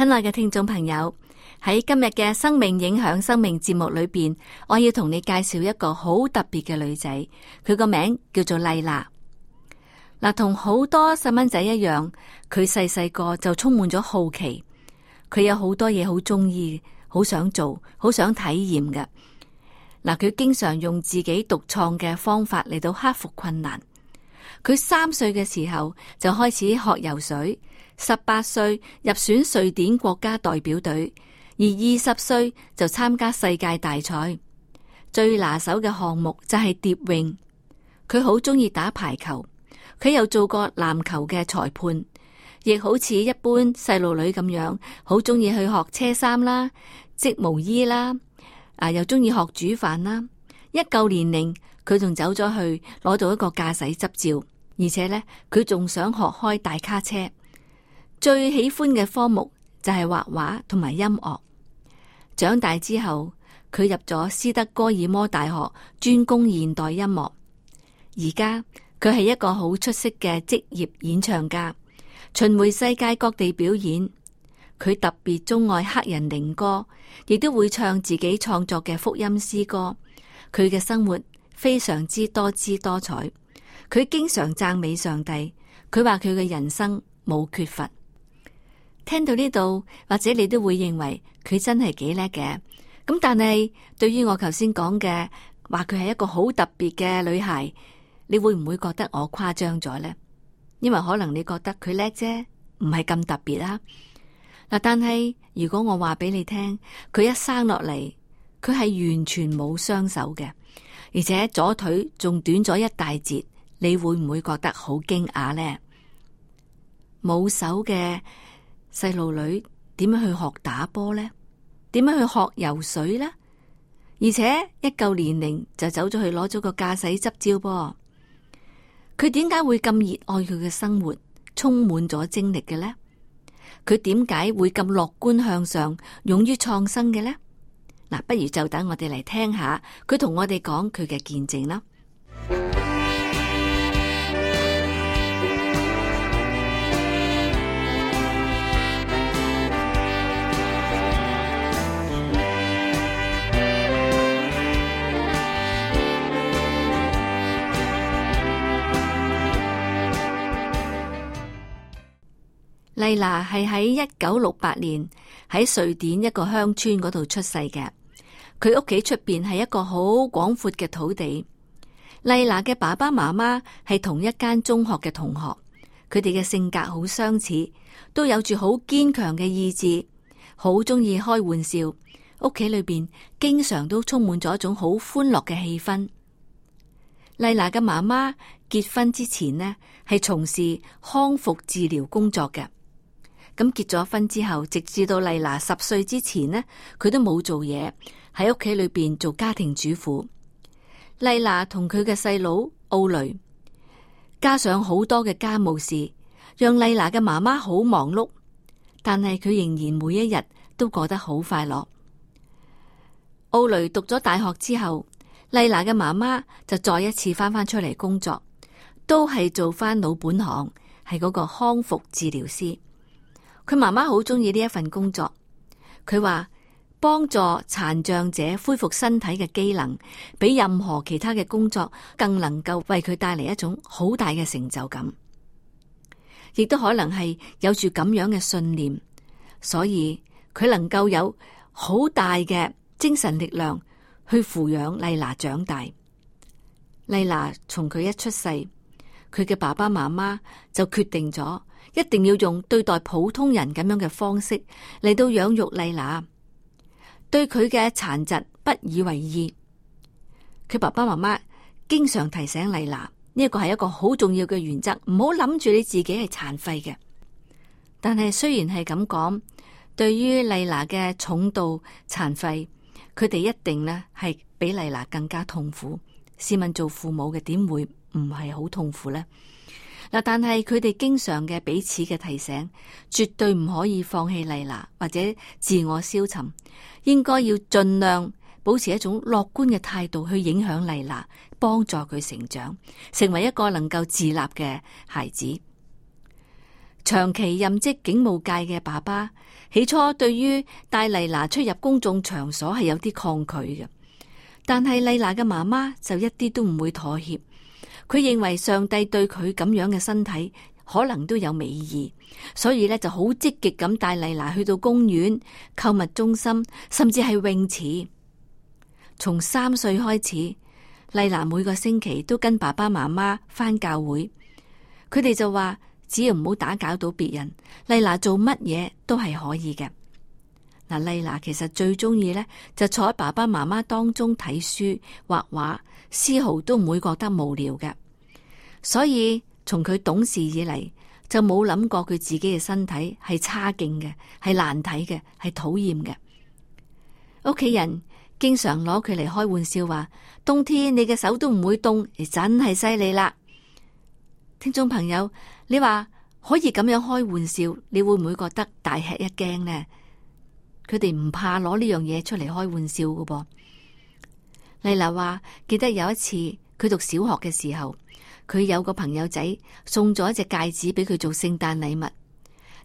親愛嘅聽眾朋友，喺今日嘅生命影響生命節目裏邊，我要同你介紹一個好特別嘅女仔，佢個名叫做麗娜。嗱、啊，同好多細蚊仔一樣，佢細細個就充滿咗好奇，佢有好多嘢好中意，好想做，好想體驗嘅。嗱、啊，佢經常用自己獨創嘅方法嚟到克服困難。佢三歲嘅時候就開始學游水。十八歲入選瑞典國家代表隊，而二十歲就參加世界大賽。最拿手嘅項目就係蝶泳。佢好中意打排球，佢又做過籃球嘅裁判，亦好似一般細路女咁樣，好中意去學車衫啦、織毛衣啦，啊，又中意學煮飯啦。一舊年齡，佢仲走咗去攞到一個駕駛執照，而且呢，佢仲想學開大卡車。最喜歡嘅科目就係畫畫同埋音樂。長大之後，佢入咗斯德哥爾摩大學，專攻現代音樂。而家佢係一個好出色嘅職業演唱家，巡迴世界各地表演。佢特別鍾愛黑人靈歌，亦都會唱自己創作嘅福音詩歌。佢嘅生活非常之多姿多彩。佢經常讚美上帝，佢話佢嘅人生冇缺乏。聽到呢度，或者你都會認為佢真係幾叻嘅。咁但係對於我頭先講嘅，話佢係一個好特別嘅女孩，你會唔會覺得我誇張咗呢？因為可能你覺得佢叻啫，唔係咁特別啦。嗱，但係如果我話俾你聽，佢一生落嚟，佢係完全冇雙手嘅，而且左腿仲短咗一大截，你會唔會覺得好驚訝呢？冇手嘅。細路女點樣去學打波呢？點樣去學游水呢？而且一夠年齡就走咗去攞咗個駕駛執照噃。佢點解會咁熱愛佢嘅生活，充滿咗精力嘅呢？佢點解會咁樂觀向上，勇於創新嘅呢？嗱、啊，不如就等我哋嚟聽下佢同我哋講佢嘅見證啦。麗娜係喺一九六八年喺瑞典一個鄉村嗰度出世嘅。佢屋企出邊係一個好廣闊嘅土地。麗娜嘅爸爸媽媽係同一間中學嘅同學，佢哋嘅性格好相似，都有住好堅強嘅意志，好中意開玩笑。屋企裏邊經常都充滿咗一種好歡樂嘅氣氛。麗娜嘅媽媽結婚之前呢，係從事康復治療工作嘅。咁結咗婚之後，直至到麗娜十歲之前呢，佢都冇做嘢喺屋企裏邊做家庭主婦。麗娜同佢嘅細佬奧雷加上好多嘅家務事，讓麗娜嘅媽媽好忙碌。但係佢仍然每一日都過得好快樂。奧雷讀咗大學之後，麗娜嘅媽媽就再一次翻返出嚟工作，都係做翻老本行，係嗰個康復治療師。佢媽媽好中意呢一份工作，佢話幫助殘障者恢復身體嘅機能，比任何其他嘅工作更能夠為佢帶嚟一種好大嘅成就感，亦都可能係有住咁樣嘅信念，所以佢能夠有好大嘅精神力量去撫養麗娜長大。麗娜從佢一出世，佢嘅爸爸媽媽就決定咗。一定要用對待普通人咁樣嘅方式嚟到養育麗娜，對佢嘅殘疾不以為意。佢爸爸媽媽經常提醒麗娜，呢個係一個好重要嘅原則，唔好諗住你自己係殘廢嘅。但係雖然係咁講，對於麗娜嘅重度殘廢，佢哋一定咧係比麗娜更加痛苦。試問做父母嘅點會唔係好痛苦呢？嗱，但係佢哋經常嘅彼此嘅提醒，絕對唔可以放棄麗娜或者自我消沉，應該要盡量保持一種樂觀嘅態度去影響麗娜，幫助佢成長，成為一個能夠自立嘅孩子。長期任職警務界嘅爸爸，起初對於帶麗娜出入公眾場所係有啲抗拒嘅，但係麗娜嘅媽媽就一啲都唔會妥協。佢認為上帝對佢咁樣嘅身體可能都有美意，所以咧就好積極咁帶麗娜去到公園、購物中心，甚至係泳池。從三歲開始，麗娜每個星期都跟爸爸媽媽返教會。佢哋就話：只要唔好打攪到別人，麗娜做乜嘢都係可以嘅。嗱，麗娜其實最中意咧就坐喺爸爸媽媽當中睇書、畫畫。絲毫都唔會覺得無聊嘅，所以從佢懂事以嚟就冇諗過佢自己嘅身體係差勁嘅，係難睇嘅，係討厭嘅。屋企人經常攞佢嚟開玩笑，話冬天你嘅手都唔會凍，你真係犀利啦！聽眾朋友，你話可以咁樣開玩笑，你會唔會覺得大吃一驚呢？佢哋唔怕攞呢樣嘢出嚟開玩笑㗎噃。麗娜話：記得有一次佢讀小學嘅時候，佢有個朋友仔送咗一隻戒指俾佢做聖誕禮物。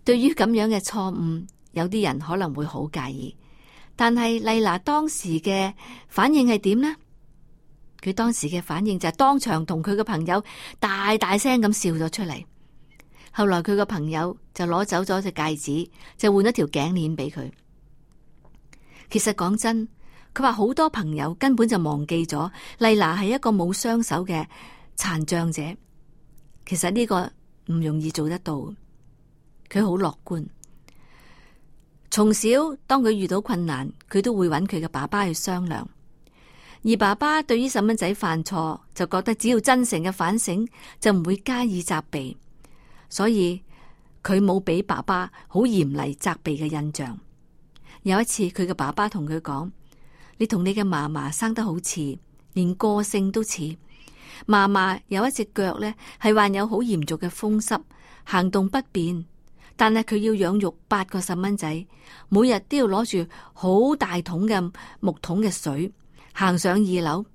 對於咁樣嘅錯誤，有啲人可能會好介意，但係麗娜當時嘅反應係點呢？佢當時嘅反應就係當場同佢嘅朋友大大聲咁笑咗出嚟。後來佢個朋友就攞走咗隻戒指，就換咗條頸鏈俾佢。其實講真。佢話好多朋友根本就忘記咗麗娜係一個冇雙手嘅殘障者。其實呢個唔容易做得到。佢好樂觀，從小當佢遇到困難，佢都會揾佢嘅爸爸去商量。而爸爸對於細蚊仔犯錯，就覺得只要真誠嘅反省就唔會加以責備，所以佢冇俾爸爸好嚴厲責備嘅印象。有一次，佢嘅爸爸同佢講。你同你嘅嫲嫲生得好似，連個性都似。嫲嫲有一隻腳呢，係患有好嚴重嘅風濕，行動不便。但係佢要養育八個細蚊仔，每日都要攞住好大桶嘅木桶嘅水，行上二樓。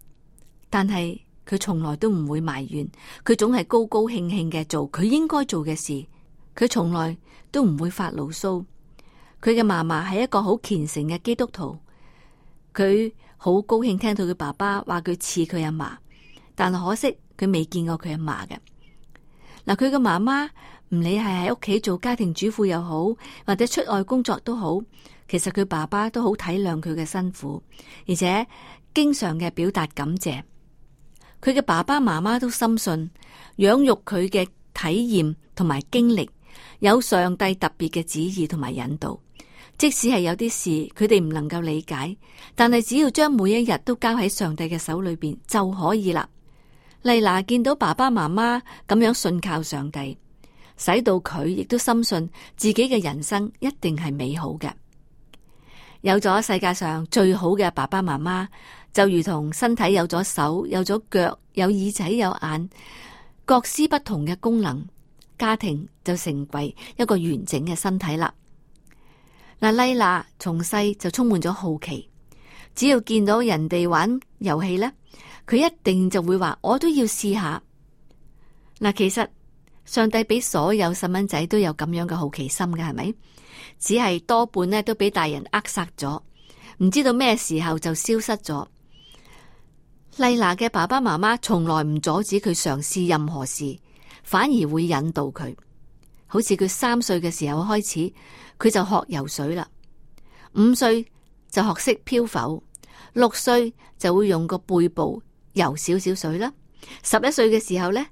但係佢從來都唔會埋怨，佢總係高高興興嘅做佢應該做嘅事。佢從來都唔會發牢騷。佢嘅嫲嫲係一個好虔誠嘅基督徒。佢好高興聽到佢爸爸話佢似佢阿嫲，但可惜佢未見過佢阿嫲嘅。嗱，佢嘅媽媽唔理係喺屋企做家庭主婦又好，或者出外工作都好，其實佢爸爸都好體諒佢嘅辛苦，而且經常嘅表達感謝。佢嘅爸爸媽媽都深信養育佢嘅體驗同埋經歷有上帝特別嘅旨意同埋引導。即使係有啲事，佢哋唔能夠理解，但係只要將每一日都交喺上帝嘅手裏邊就可以啦。麗娜見到爸爸媽媽咁樣信靠上帝，使到佢亦都深信自己嘅人生一定係美好嘅。有咗世界上最好嘅爸爸媽媽，就如同身體有咗手、有咗腳、有耳仔、有眼，各施不同嘅功能，家庭就成為一個完整嘅身體啦。嗱，麗娜從細就充滿咗好奇，只要見到人哋玩遊戲呢，佢一定就會話我都要試下。嗱，其實上帝俾所有細蚊仔都有咁樣嘅好奇心嘅，係咪？只係多半呢都俾大人扼殺咗，唔知道咩時候就消失咗。麗娜嘅爸爸媽媽從來唔阻止佢嘗試任何事，反而會引導佢，好似佢三歲嘅時候開始。佢就學游水啦，五歲就學識漂浮，六歲就會用個背部游少少水啦。十一歲嘅時候呢，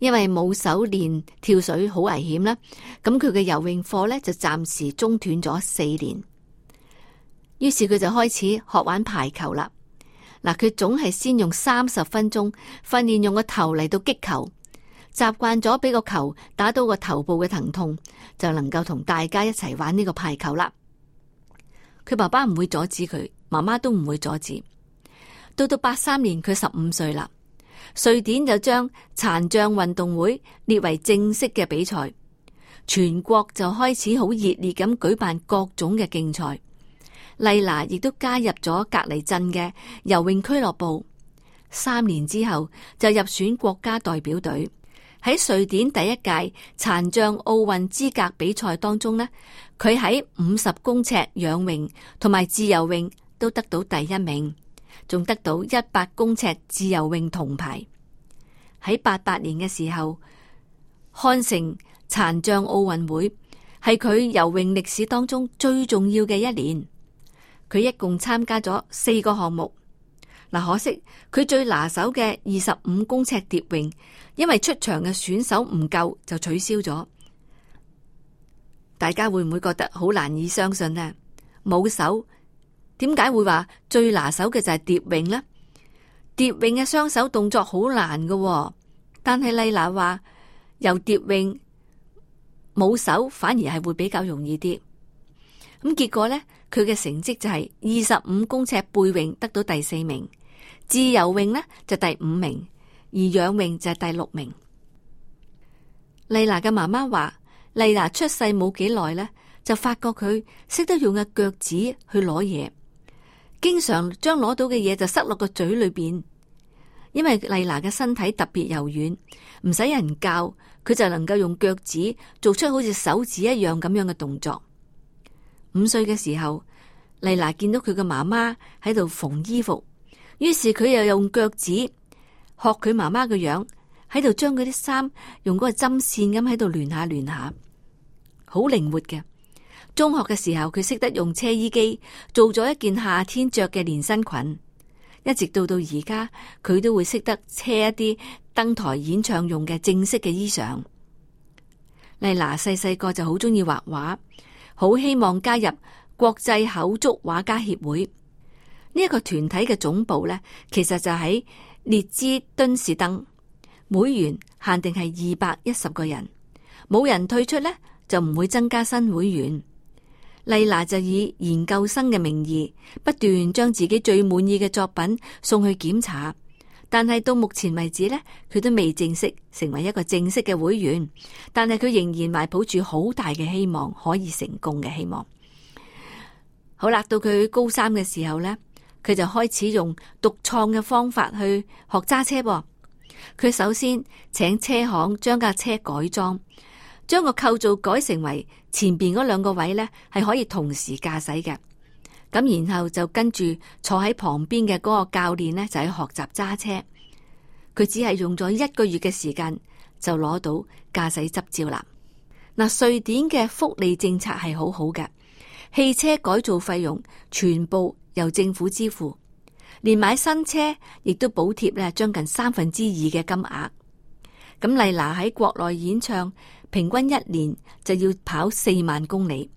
因為冇手練跳水好危險啦，咁佢嘅游泳課呢，就暫時中斷咗四年。於是佢就開始學玩排球啦。嗱，佢總係先用三十分鐘訓練用個頭嚟到擊球。習慣咗俾個球打到個頭部嘅疼痛，就能夠同大家一齊玩呢個排球啦。佢爸爸唔會阻止佢，媽媽都唔會阻止。到到八三年，佢十五歲啦。瑞典就將殘障運動會列為正式嘅比賽，全國就開始好熱烈咁舉辦各種嘅競賽。麗娜亦都加入咗隔離鎮嘅游泳俱樂部。三年之後就入選國家代表隊。喺瑞典第一屆殘障奧運資格比賽當中呢，佢喺五十公尺仰泳同埋自由泳都得到第一名，仲得到一百公尺自由泳銅牌。喺八八年嘅時候，漢城殘障奧運會係佢游泳歷史當中最重要嘅一年，佢一共參加咗四個項目。嗱，可惜佢最拿手嘅二十五公尺蝶泳，因為出場嘅選手唔夠就取消咗。大家會唔會覺得好難以相信咧？冇手點解會話最拿手嘅就係蝶泳呢？蝶泳嘅雙手動作好難㗎喎，但係麗娜話游蝶泳冇手反而係會比較容易啲。咁結果呢，佢嘅成績就係二十五公尺背泳得到第四名。自由泳呢，就第五名，而仰泳就係第六名。麗娜嘅媽媽話，麗娜出世冇幾耐呢，就發覺佢識得用個腳趾去攞嘢，經常將攞到嘅嘢就塞落個嘴裏邊。因為麗娜嘅身體特別柔軟，唔使人教佢就能夠用腳趾做出好似手指一樣咁樣嘅動作。五歲嘅時候，麗娜見到佢嘅媽媽喺度縫衣服。於是佢又用腳趾學佢媽媽嘅樣，喺度將嗰啲衫用嗰個針線咁喺度亂下亂下，好靈活嘅。中學嘅時候，佢識得用車衣機做咗一件夏天着嘅連身裙，一直到到而家，佢都會識得車一啲登台演唱用嘅正式嘅衣裳。麗娜細細個就好中意畫畫，好希望加入國際口足畫家協會。呢一個團體嘅總部咧,其實就喺列支敦士登，會員限定係二百一十個人，冇人退出咧就唔會增加新會員。麗娜就以研究生嘅名義，不斷將自己最滿意嘅作品送去檢查，但係到目前為止咧，佢都未正式成為一個正式嘅會員，但係佢仍然懷抱住好大嘅希望，可以成功嘅希望。好啦，到佢高三嘅時候咧。佢就開始用獨創嘅方法去學揸車噃。佢首先請車行將架車改裝，將個構造改成為前邊嗰兩個位咧係可以同時駕駛嘅。咁然後就跟住坐喺旁邊嘅嗰個教練咧就喺學習揸車。佢只係用咗一個月嘅時間就攞到駕駛執照啦。嗱，瑞典嘅福利政策係好好嘅，汽車改造費用全部，由政府支付，連買新車亦都補貼咧，將近三分之二嘅金額。咁麗娜喺國內演唱，平均一年就要跑四萬公里，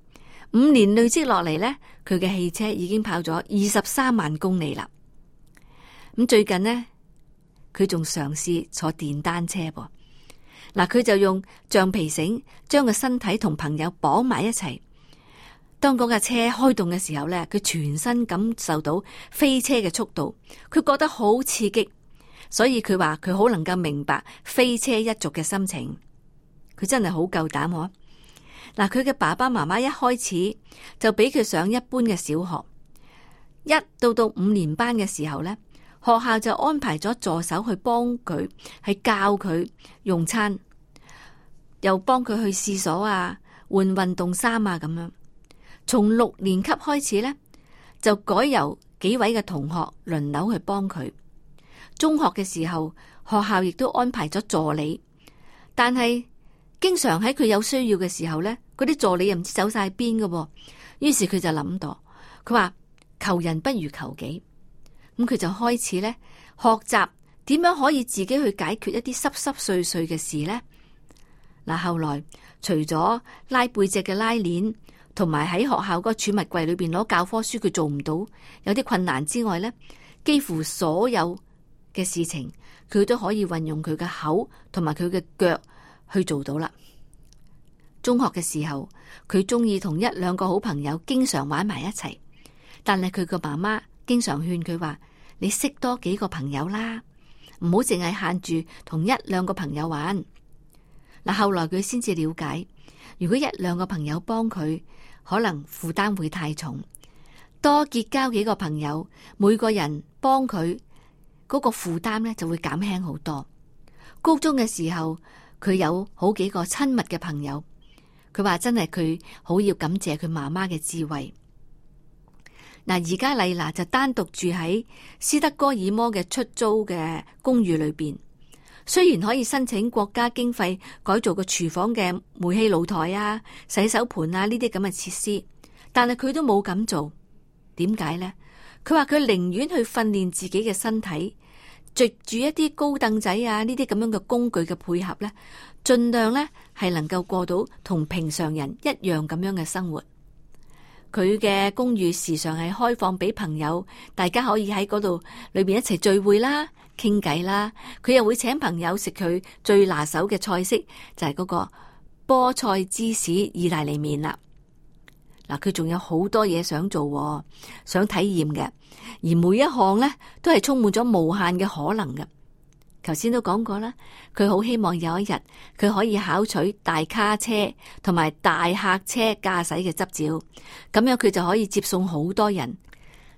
五年累積落嚟呢，佢嘅汽車已經跑咗二十三萬公里啦。咁最近呢，佢仲嘗試坐電單車噃。嗱，佢就用橡皮繩將個身體同朋友綁埋一齊。當嗰架車開動嘅時候咧，佢全身感受到飛車嘅速度，佢覺得好刺激，所以佢話佢好能夠明白飛車一族嘅心情。佢真係好夠膽啊！嗱，佢嘅爸爸媽媽一開始就俾佢上一般嘅小學，一到到五年班嘅時候咧，學校就安排咗助手去幫佢係教佢用餐，又幫佢去廁所啊，換運動衫啊，咁樣。從六年級開始咧，就改由幾位嘅同學輪流去幫佢。中學嘅時候，學校亦都安排咗助理，但係經常喺佢有需要嘅時候咧，嗰啲助理又唔知走晒邊嘅。於是佢就諗到，佢話求人不如求己。咁、嗯、佢就開始咧學習點樣可以自己去解決一啲濕濕碎碎嘅事咧。嗱、嗯，後來除咗拉背脊嘅拉鏈。同埋喺學校嗰個儲物櫃裏邊攞教科書，佢做唔到，有啲困難之外呢，幾乎所有嘅事情佢都可以運用佢嘅口同埋佢嘅腳去做到啦。中學嘅時候，佢中意同一兩個好朋友經常玩埋一齊，但係佢個媽媽經常勸佢話：你識多幾個朋友啦，唔好淨係限住同一兩個朋友玩。嗱，後來佢先至了解，如果一兩個朋友幫佢，可能負擔會太重，多結交幾個朋友，每個人幫佢，嗰個負擔就會減輕好多。高中嘅時候，佢有好幾個親密嘅朋友，佢話真係佢好要感謝佢媽媽嘅智慧。嗱，而家麗娜就單獨住喺斯德哥爾摩嘅出租嘅公寓裏邊。雖然可以申請國家經費改造個廚房嘅煤氣爐台啊、洗手盤啊呢啲咁嘅設施，但係佢都冇咁做。點解呢？佢話佢寧願去訓練自己嘅身體，著住一啲高凳仔啊呢啲咁樣嘅工具嘅配合，呢盡量呢係能夠過到同平常人一樣咁樣嘅生活。佢嘅公寓時常係開放俾朋友，大家可以喺嗰度裏邊一齊聚會啦。傾偈啦，佢又會請朋友食佢最拿手嘅菜式，就係嗰個菠菜芝士意大利麵啦。嗱，佢仲有好多嘢想做喎，想體驗嘅，而每一項呢，都係充滿咗無限嘅可能嘅。頭先都講過啦，佢好希望有一日佢可以考取大卡車同埋大客車駕駛嘅執照，咁樣佢就可以接送好多人。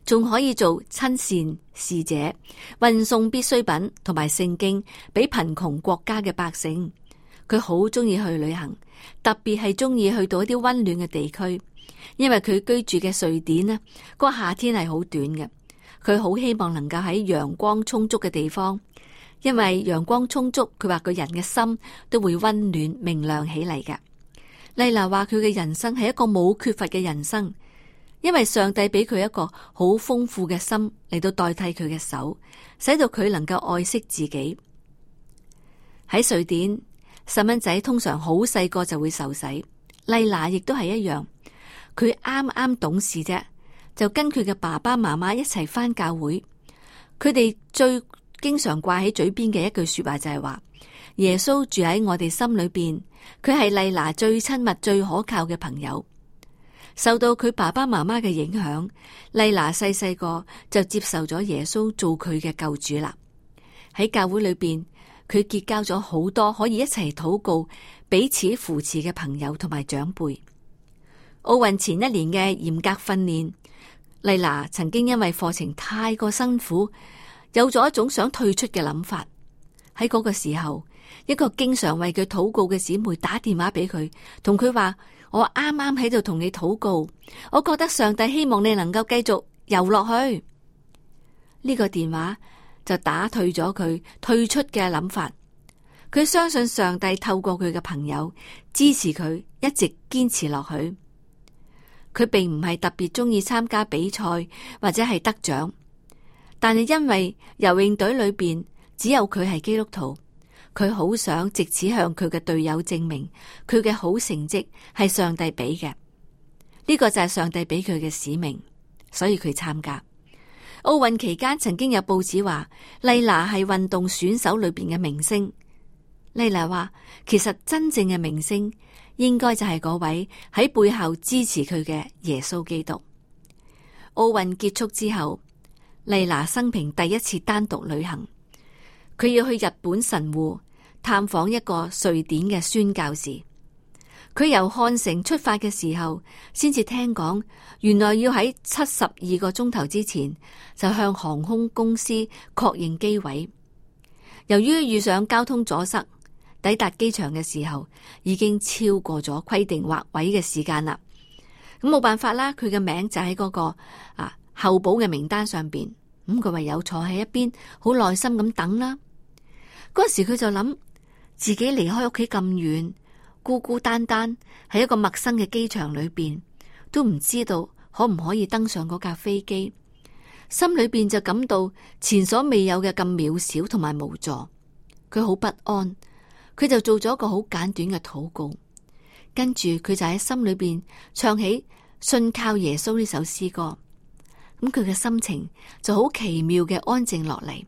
仲可以做親善侍者，運送必需品同埋聖經俾貧窮國家嘅百姓。佢好鍾意去旅行，特別係鍾意去到一啲溫暖嘅地區，因為佢居住嘅瑞典呢個夏天係好短嘅。佢好希望能夠喺陽光充足嘅地方，因為陽光充足，佢話個人嘅心都會溫暖明亮起嚟嘅。麗娜話佢嘅人生係一個冇缺乏嘅人生。因為上帝俾佢一個好豐富嘅心嚟到代替佢嘅手，使到佢能夠愛惜自己。喺瑞典，細蚊仔通常好細個就會受洗。麗娜亦都係一樣。佢啱啱懂事啫，就跟佢嘅爸爸媽媽一齊返教會。佢哋最經常掛喺嘴邊嘅一句說話就係話：耶穌住喺我哋心裏邊，佢係麗娜最親密、最可靠嘅朋友。受到佢爸爸媽媽嘅影響，麗娜細細個就接受咗耶穌做佢嘅救主啦。喺教會裏邊，佢結交咗好多可以一齊禱告、彼此扶持嘅朋友同埋長輩。奧運前一年嘅嚴格訓練，麗娜曾經因為課程太過辛苦，有咗一種想退出嘅諗法。喺嗰個時候，一個經常為佢禱告嘅姊妹打電話俾佢，同佢話：我啱啱喺度同你禱告，我覺得上帝希望你能夠繼續游落去。呢個電話就打退咗佢退出嘅諗法。佢相信上帝透過佢嘅朋友支持佢，一直堅持落去。佢並唔係特別鍾意參加比賽或者係得獎，但係因為游泳隊裏邊只有佢係基督徒。佢好想借此向佢嘅隊友證明佢嘅好成績係上帝俾嘅，呢個就係上帝俾佢嘅使命，所以佢參加奧運期間，曾經有報紙話麗娜係運動選手裏邊嘅明星。麗娜話其實真正嘅明星應該就係嗰位喺背後支持佢嘅耶穌基督。奧運結束之後，麗娜生平第一次單獨旅行。佢要去日本神戶探訪一個瑞典嘅宣教士。佢由漢城出發嘅時候，先至聽講，原來要喺七十二個鐘頭之前就向航空公司確認機位。由於遇上交通阻塞，抵達機場嘅時候已經超過咗規定劃位嘅時間啦。咁冇辦法啦，佢嘅名就喺嗰個啊候補嘅名單上邊。咁佢唯有坐喺一邊，好耐心咁等啦。嗰時佢就諗自己離開屋企咁遠，孤孤單單喺一個陌生嘅機場裏邊，都唔知道可唔可以登上嗰架飛機。心裏邊就感到前所未有嘅咁渺小同埋無助。佢好不安，佢就做咗一個好簡短嘅禱告，跟住佢就喺心裏邊唱起《信靠耶穌》呢首詩歌。咁佢嘅心情就好奇妙嘅安靜落嚟。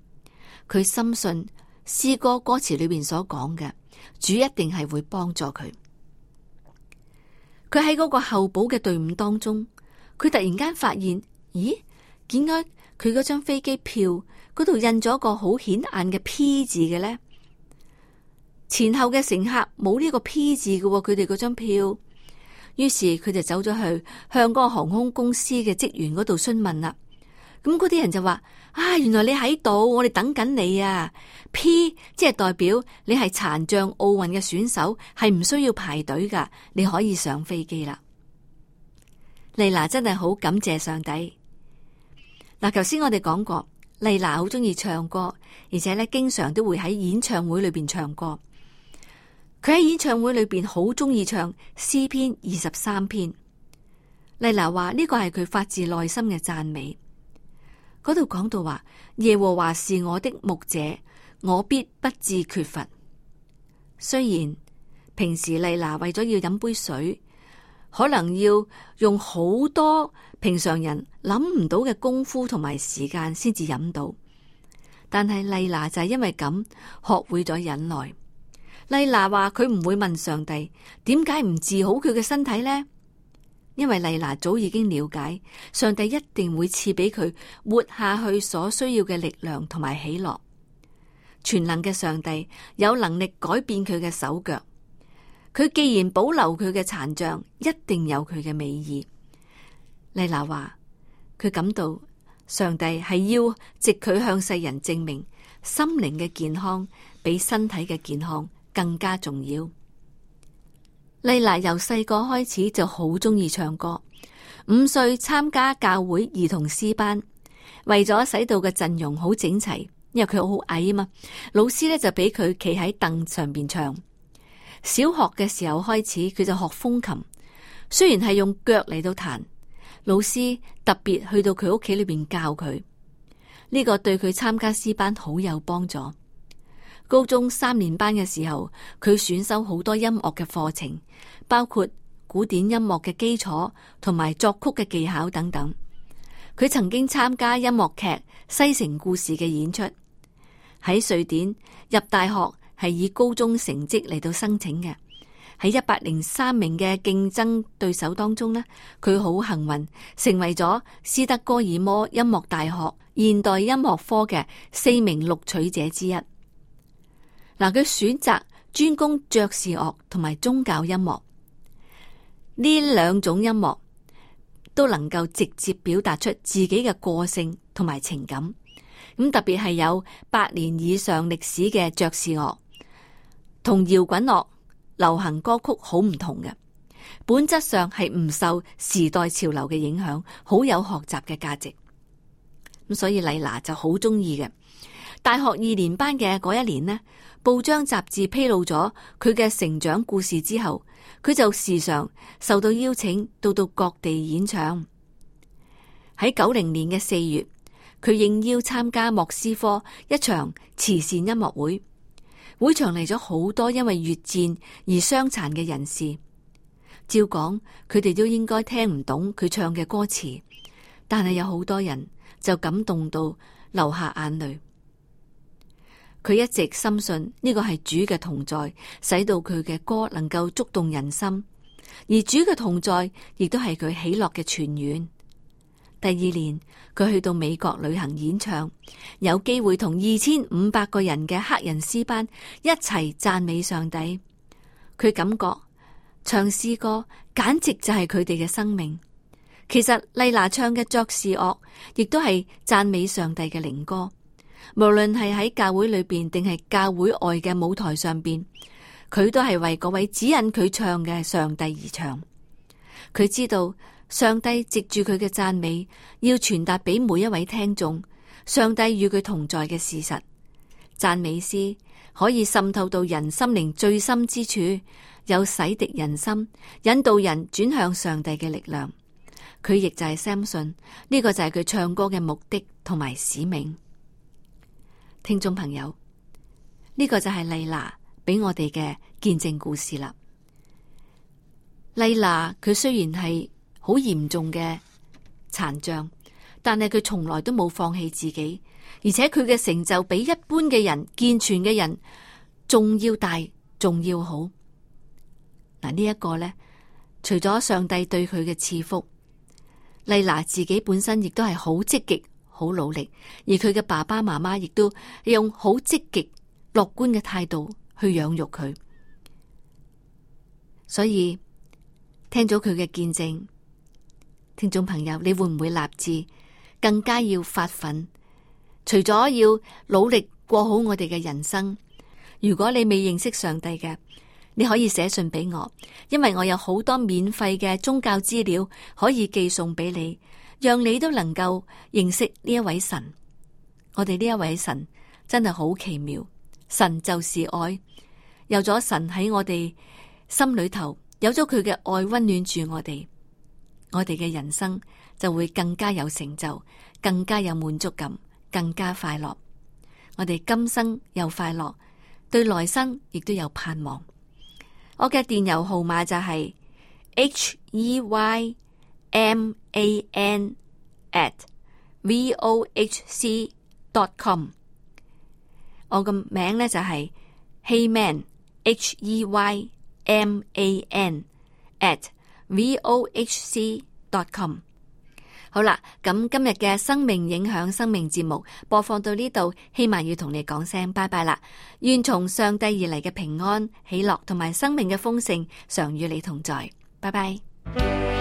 佢深信。詩歌歌詞裏邊所講嘅主一定係會幫助佢。佢喺嗰個候補嘅隊伍當中，佢突然間發現，咦？點解佢嗰張飛機票嗰度印咗個好顯眼嘅 P 字嘅呢？前後嘅乘客冇呢個 P 字嘅，佢哋嗰張票。於是佢就走咗去向嗰個航空公司嘅職員嗰度詢問啦。咁嗰啲人就話。啊！原來你喺度，我哋等緊你啊！P 即係代表你係殘障奧運嘅選手，係唔需要排隊噶，你可以上飛機啦。麗娜真係好感謝上帝。嗱，頭先我哋講過，麗娜好中意唱歌，而且咧，經常都會喺演唱會裏邊唱歌。佢喺演唱會裏邊好中意唱詩篇二十三篇。麗娜話呢個係佢發自內心嘅讚美。嗰度講到話，耶和華是我的牧者，我必不致缺乏。雖然平時麗娜為咗要飲杯水，可能要用好多平常人諗唔到嘅功夫同埋時間先至飲到，但係麗娜就係因為咁學會咗忍耐。麗娜話佢唔會問上帝點解唔治好佢嘅身體呢？」因為麗娜早已經了解，上帝一定會賜俾佢活下去所需要嘅力量同埋喜樂。全能嘅上帝有能力改變佢嘅手腳，佢既然保留佢嘅殘障，一定有佢嘅美意。麗娜話，佢感到上帝係要藉佢向世人證明，心靈嘅健康比身體嘅健康更加重要。麗娜由細個開始就好中意唱歌，五歲參加教會兒童詩班，為咗使到個陣容好整齊，因為佢好矮啊嘛，老師咧就俾佢企喺凳上邊唱。小學嘅時候開始，佢就學風琴，雖然係用腳嚟到彈，老師特別去到佢屋企裏邊教佢，呢個對佢參加詩班好有幫助。高中三年班嘅時候，佢選修好多音樂嘅課程，包括古典音樂嘅基礎同埋作曲嘅技巧等等。佢曾經參加音樂劇《西城故事》嘅演出。喺瑞典入大學係以高中成績嚟到申請嘅。喺一百零三名嘅競爭對手當中咧，佢好幸運成為咗斯德哥爾摩音樂大學現代音樂科嘅四名錄取者之一。嗱，佢選擇專攻爵士樂同埋宗教音樂，呢兩種音樂都能夠直接表達出自己嘅個性同埋情感。咁特別係有百年以上歷史嘅爵士樂，同搖滾樂、流行歌曲好唔同嘅，本質上係唔受時代潮流嘅影響，好有學習嘅價值。咁所以麗娜就好中意嘅。大學二年班嘅嗰一年呢，報章雜誌披露咗佢嘅成長故事之後，佢就時常受到邀請到到各地演唱。喺九零年嘅四月，佢應邀參加莫斯科一場慈善音樂會，會場嚟咗好多因為越戰而傷殘嘅人士。照講佢哋都應該聽唔懂佢唱嘅歌詞，但係有好多人就感動到流下眼淚。佢一直深信呢個係主嘅同在，使到佢嘅歌能夠觸動人心，而主嘅同在亦都係佢喜樂嘅泉源。第二年，佢去到美國旅行演唱，有機會同二千五百個人嘅黑人詩班一齊讚美上帝。佢感覺唱詩歌簡直就係佢哋嘅生命。其實麗娜唱嘅爵士樂，亦都係讚美上帝嘅靈歌。無論係喺教會裏邊定係教會外嘅舞台上邊，佢都係為嗰位指引佢唱嘅上帝而唱。佢知道上帝藉住佢嘅讚美，要傳達俾每一位聽眾，上帝與佢同在嘅事實。讚美詩可以滲透到人心靈最深之處，有洗滌人心、引導人轉向上帝嘅力量。佢亦就係相信呢個就係佢唱歌嘅目的同埋使命。聽眾朋友，呢個就係麗娜俾我哋嘅見證故事啦。麗娜佢雖然係好嚴重嘅殘障，但係佢從來都冇放棄自己，而且佢嘅成就比一般嘅人健全嘅人仲要大，仲要好。嗱，呢一個呢，除咗上帝對佢嘅賜福，麗娜自己本身亦都係好積極。好努力，而佢嘅爸爸媽媽亦都用好積極樂觀嘅態度去養育佢。所以聽咗佢嘅見證，聽眾朋友，你會唔會立志更加要發奮？除咗要努力過好我哋嘅人生，如果你未認識上帝嘅，你可以寫信俾我，因為我有好多免費嘅宗教資料可以寄送俾你。讓你都能夠認識呢一位神，我哋呢一位神真係好奇妙。神就是愛，有咗神喺我哋心裏頭，有咗佢嘅愛溫暖住我哋，我哋嘅人生就會更加有成就，更加有滿足感，更加快樂。我哋今生又快樂，對來生亦都有盼望。我嘅電郵號碼就係 h e y。man at vohc dot com，我嘅名咧就係 Heyman H E Y M A N at vohc dot com。好啦，咁今日嘅生命影響生命節目播放到呢度，希望要同你講聲拜拜啦。願從上帝而嚟嘅平安、喜樂同埋生命嘅豐盛，常與你同在。拜拜。